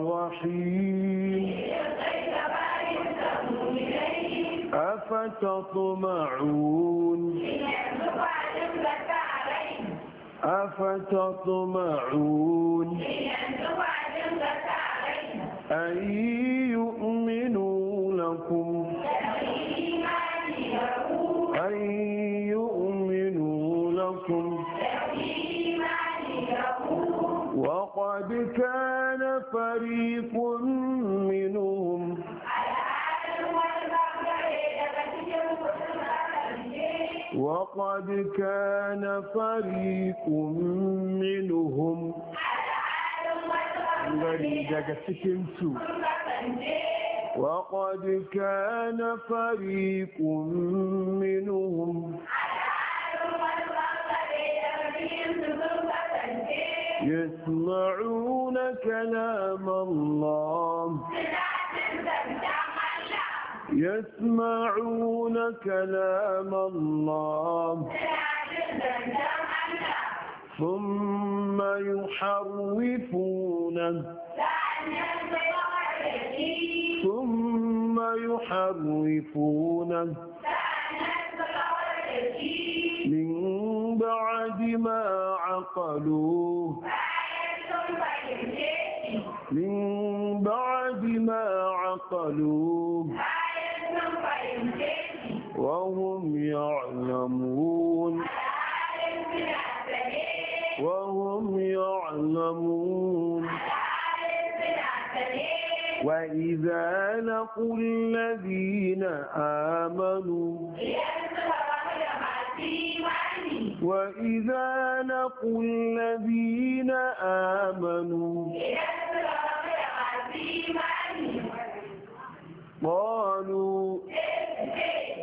الرحيم أفتطمعون أفتطمعون أن يؤمنوا لكم لقد كان فريق منهم وقد كان فريق منهم يسمعون كلام الله يسمعون كلام الله ثم يحرفونه ثم يحرفونه من بعد ما عقلوه من بعد ما عقلوه وهم يعلمون وهم يعلمون وإذا لقوا الذين آمنوا وإذا لقوا الذين آمنوا قالوا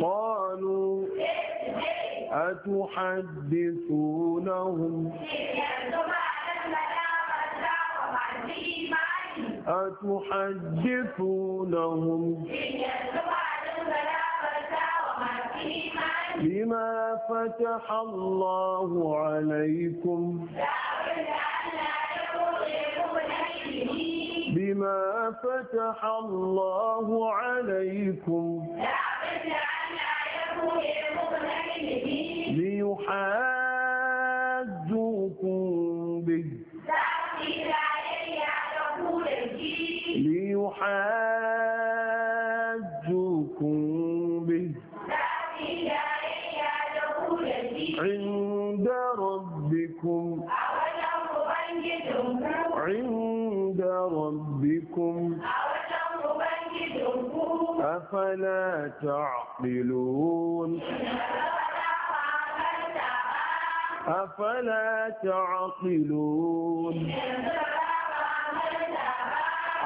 قالوا أتحدثونهم أتحدثونهم بما فتح الله عليكم بما فتح الله عليكم ليحاجوكم به ليحاجوكم به عند ربكم عند ربكم أفلا تعقلون أفلا تعقلون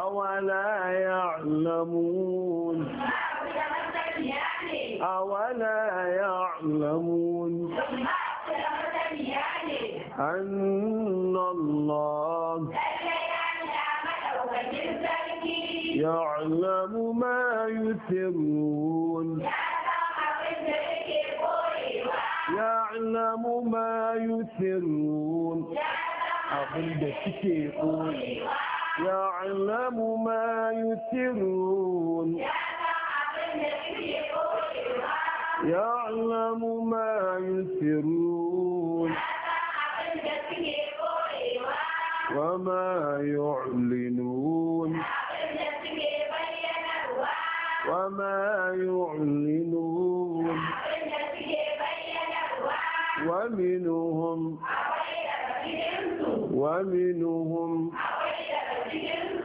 أولا يعلمون أولا يعلمون أن الله يعلم ما يسرون يعلم ما يسرون أقول بسيقون يعلم ما يسرون يعلم ما يسرون وما يعلنون وما يعلنون ومنهم ومنهم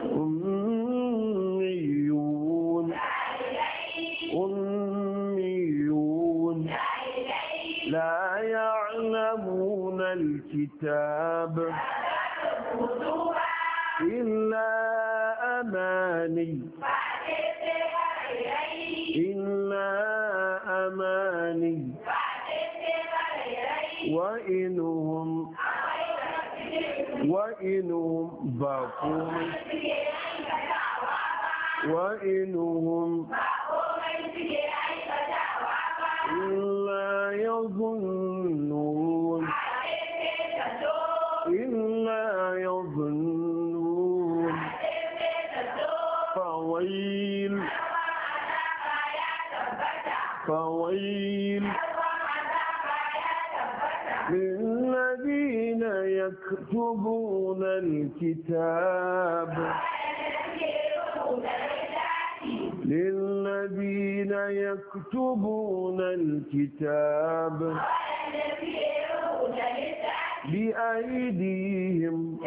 أميون أميون لا يعلمون الكتاب إلا أماني إلا أماني وإنهم وإنهم باقون وإنهم إلا يظنون إلا يظنون فويل فويل للذين يكتبون الكتاب للذين يكتبون الكتاب بأيديهم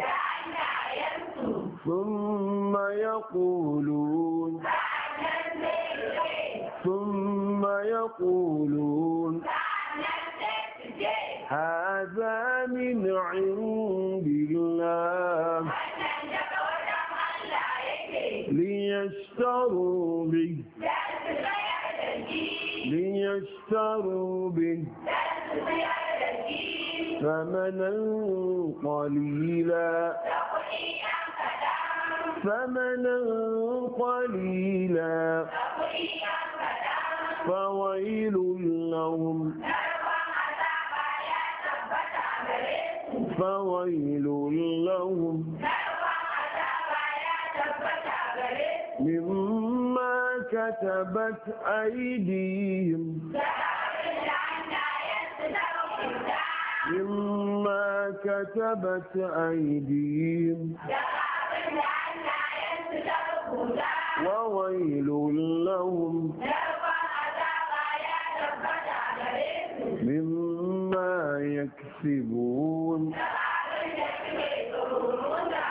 ثم يقولون ثم يقولون هذا من عند الله ليشتروا به ليشتروا به ثمنا قليلا ثمنا قليلا فويل لهم فويل لهم مما كتبت أيديهم مما كتبت أيديهم وويل لهم يكسبون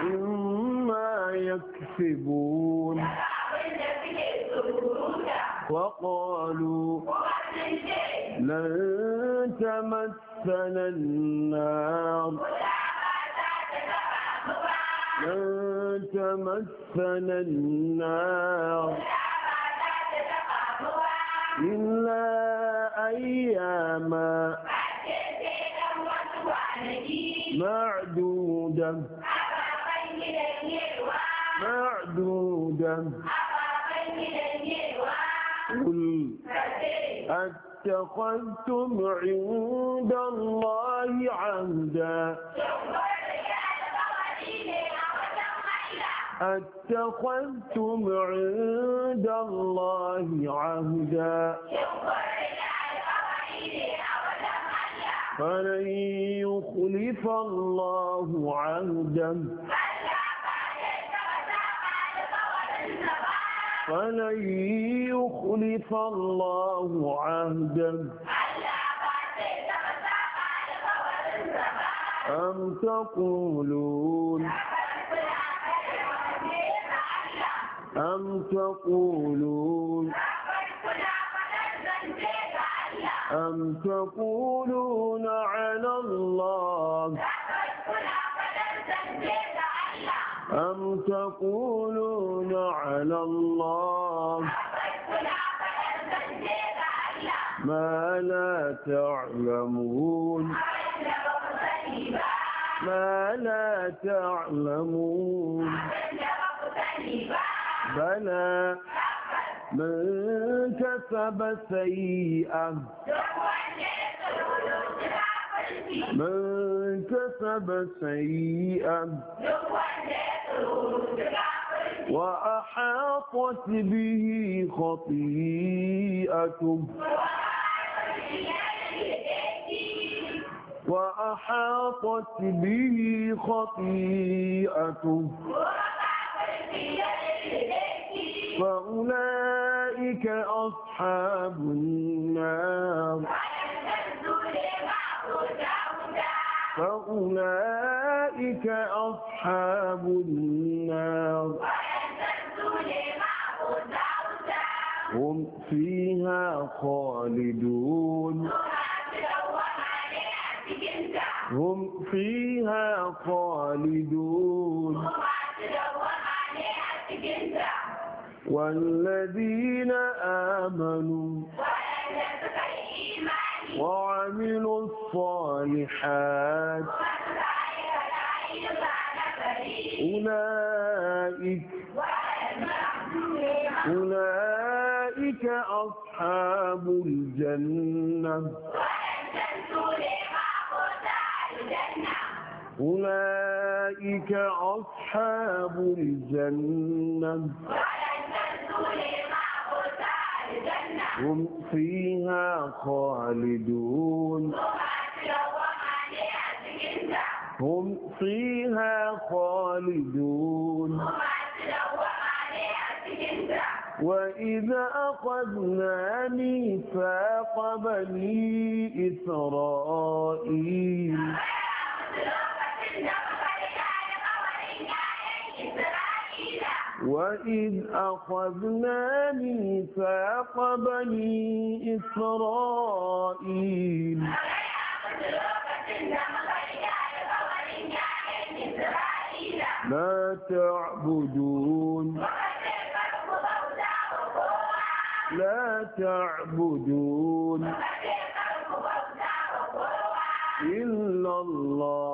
إما يكسبون وقالوا لن تمثل النار لن تمثل النار إلا أياما معدودا معدودا قل أتخذتم عند الله عهدا أتخذتم عند الله عهدا فلن يخلف الله عهدا فلن يخلف الله عهدا أم تقولون أم تقولون أم تقولون على الله أم تقولون على الله ما لا تعلمون ما لا تعلمون بلى من كسب سيئا من كسب سيئة وأحاطت به خطيئته وأحاطت به خطيئته فأولئك أولئك أصحاب النار فأولئك أصحاب النار هم فيها خالدون هم فيها خالدون والذين آمنوا وعملوا الصالحات أولئك أولئك أصحاب الجنة أولئك أصحاب الجنة هم فيها خالدون هم فيها خالدون وإذا أخذنا ميثاق بني إسرائيل وإذ أخذنا ميثاق بني إسرائيل ما تعبدون لا تعبدون إلا الله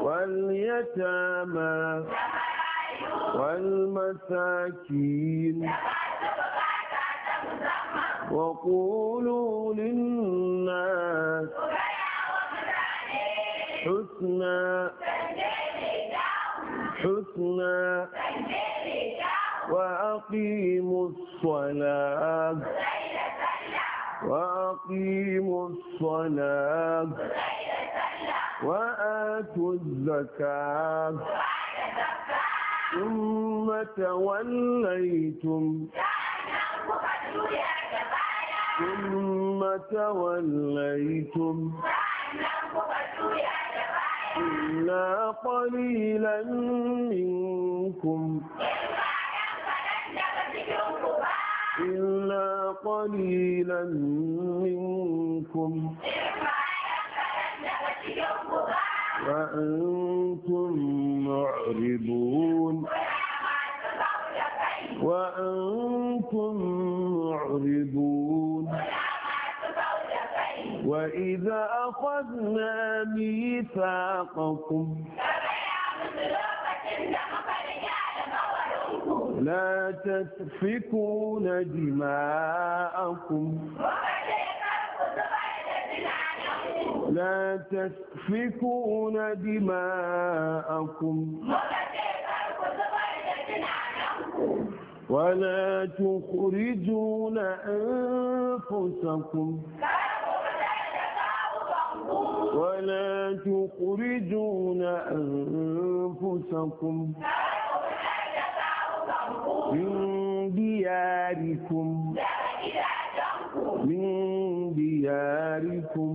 واليتامى والمساكين وقولوا للناس حسنا حسنا وأقيموا الصلاة وأقيموا الصلاة وآتوا الزكاة ثم توليتم ثم توليتم إلا قليلا منكم إلا قليلا منكم إلا وأنتم معرضون وأنتم معرضون وإذا أخذنا ميثاقكم لا تسفكون دماءكم لا تسفكون دماءكم ولا تخرجون أنفسكم ولا تخرجون أنفسكم من دياركم من دياركم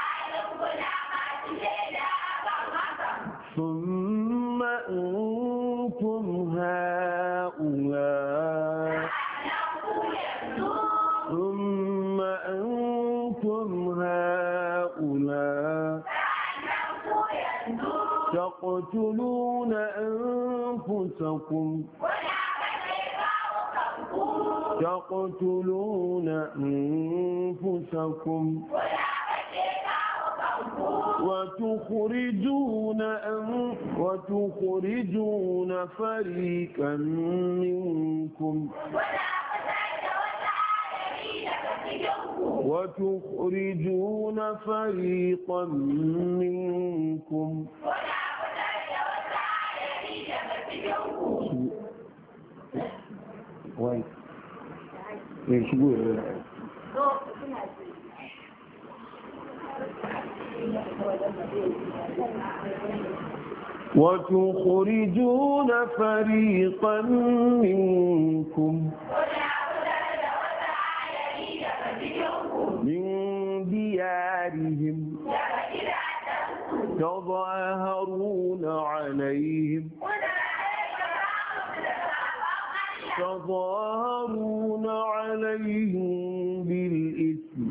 ثم أنتم هؤلاء ثم أنتم هؤلاء تقتلون أنفسكم تقتلون أنفسكم ولا وتخرجون أم وتخرجون فريقا منكم وتخرجون فريقا منكم Wait. There's wood. وتخرجون فريقا منكم من ديارهم تظاهرون عليهم تظاهرون عليهم بالإثم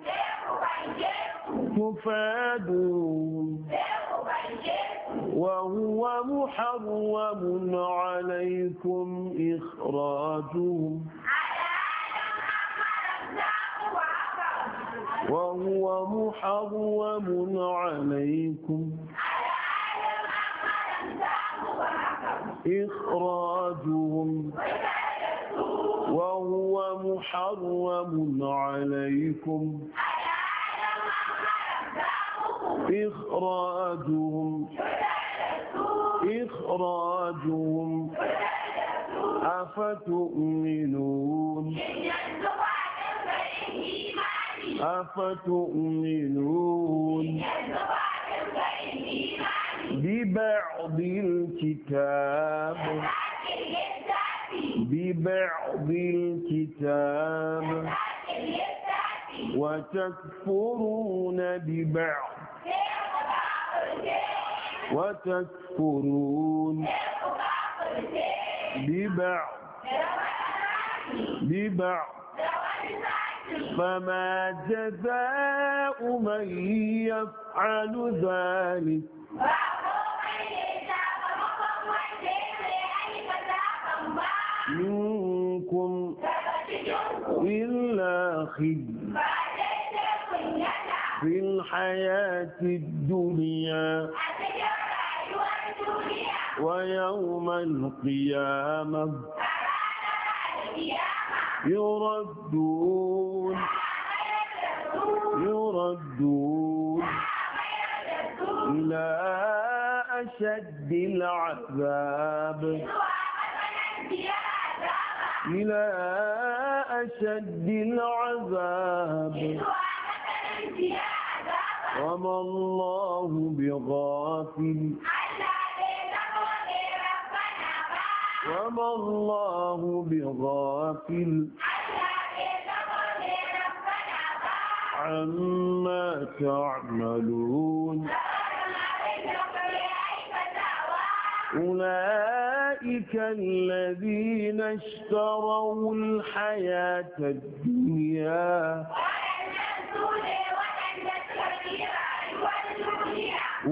مفاد وهو محرم عليكم إخراجهم وهو محرم عليكم إخراجهم وهو محرم عليكم إخراجهم إخراجهم أفتؤمنون أفتؤمنون ببعض الكتاب ببعض الكتاب وتكفرون ببعض وتكفرون ببعض ببعض فما جزاء من يفعل ذلك منكم إلا خير في الحياة الدنيا ويوم القيامة يردون يردون إلى أشد العذاب إلى أشد العذاب وما الله بغافل ما الله بغافل عما تعملون أولئك الذين اشتروا الحياة الدنيا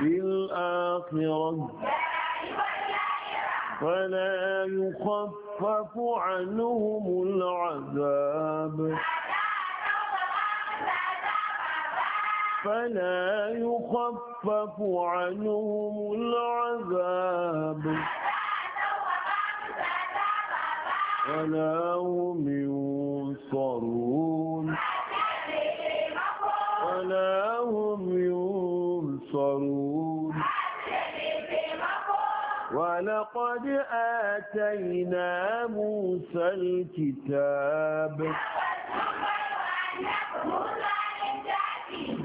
بالآخرة فلا يخفف عنهم العذاب فلا يخفف عنهم العذاب ولا هم ينصرون ولا هم ينصرون ولقد آتينا موسى الكتاب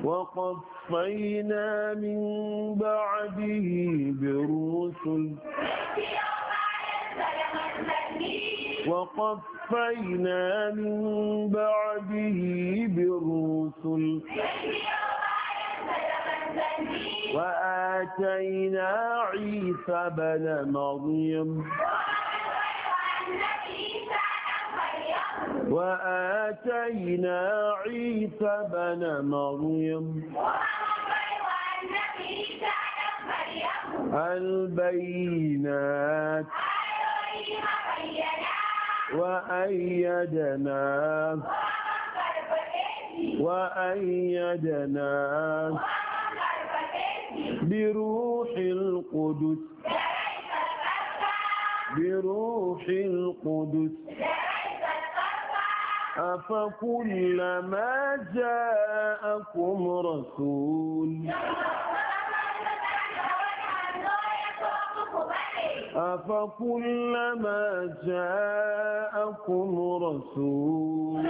وقفينا من بعده برسل وقفينا من بعده برسل وآتينا عيسى بن مريم وآتينا عيسى بن مريم البينات وأيدنا وأيدنا بروح القدس بروح القدس أفكلما جاءكم رسول أفكلما جاءكم رسول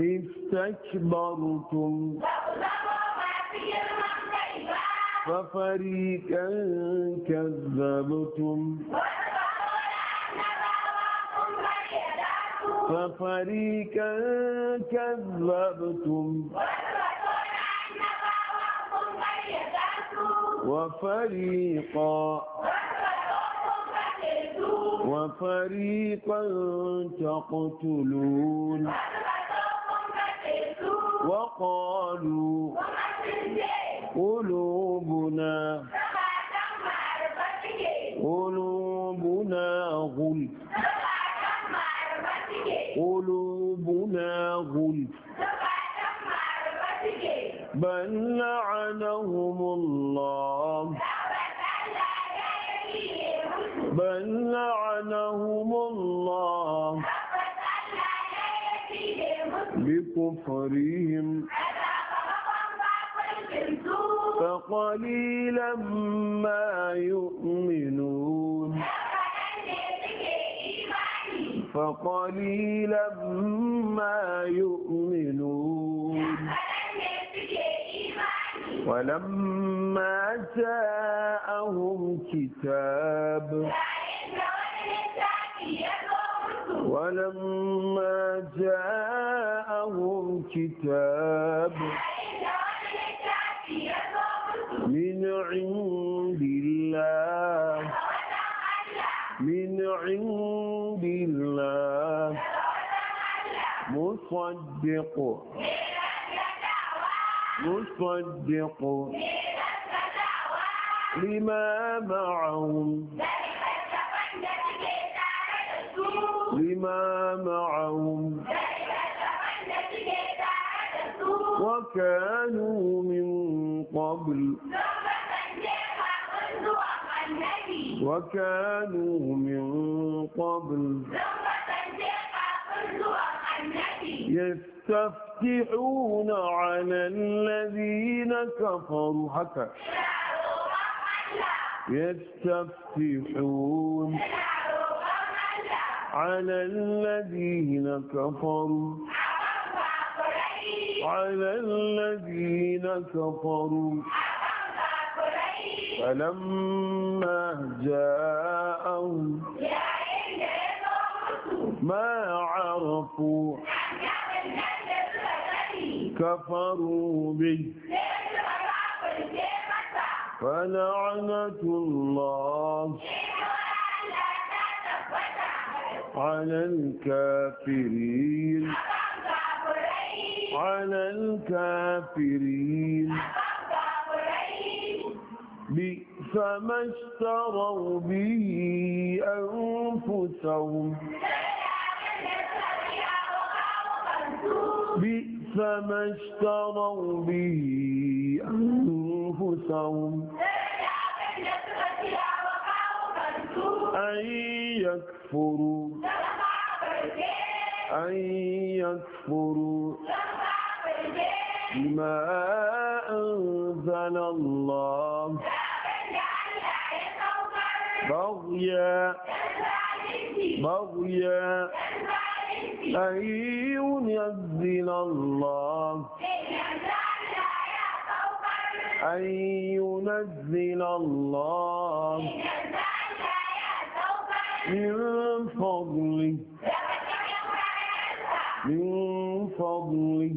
استكبرتم ففريقا كذبتم ففريقا كذبتم وفريقا وفريقا تقتلون قالوا قلوبنا قلوبنا غل قلوبنا غل بل لعنهم الله بل لعنهم الله بكفرهم فقليلا ما يؤمنون فقليلا ما يؤمنون ولما جاءهم كتاب ولما جاءهم كتاب من عند الله من عند الله مصدق مصدق لما معهم معهم وكانوا من قبل وكانوا من قبل يستفتحون على الذين كفروا حتى يستفتحون على الذين كفروا على الذين كفروا فلما جاءهم ما عرفوا كفروا به فلعنة الله على الكافرين على الكافرين بئس ما اشتروا به أنفسهم بئس ما اشتروا به أنفسهم أن يكفروا يكفروا أن يكفروا بما أنزل الله بغيا بغيا أن ينزل الله أن ينزل الله من فضلي من فضلي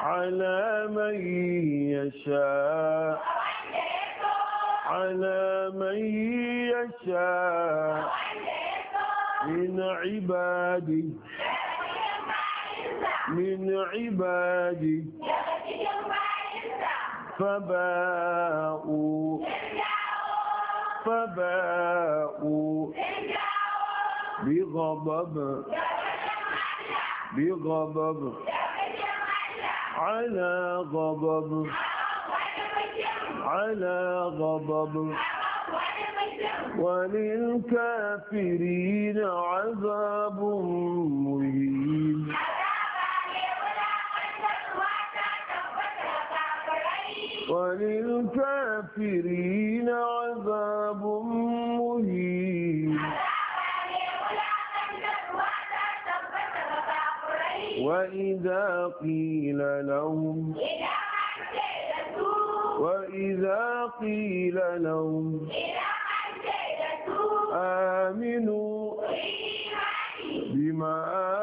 على من يشاء على من يشاء من عبادي من عبادي فباءوا فباءوا بغضب بغضب على غضب على غضب وللكافرين عذاب مهين وللكافرين عذاب مهين وإذا قيل لهم وإذا قيل لهم آمنوا بما آمنوا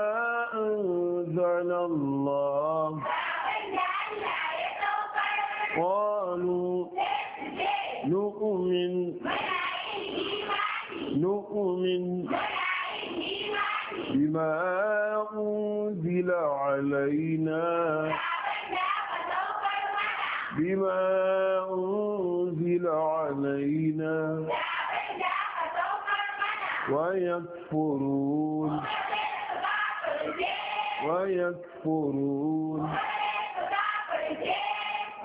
قالوا نؤمن نؤمن بما أنزل علينا بما أنزل علينا ويكفرون ويكفرون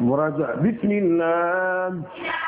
مراجعة بسم الله